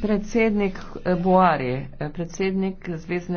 predsednik eh, buhari eh, predsednik buhari predsednik zvezne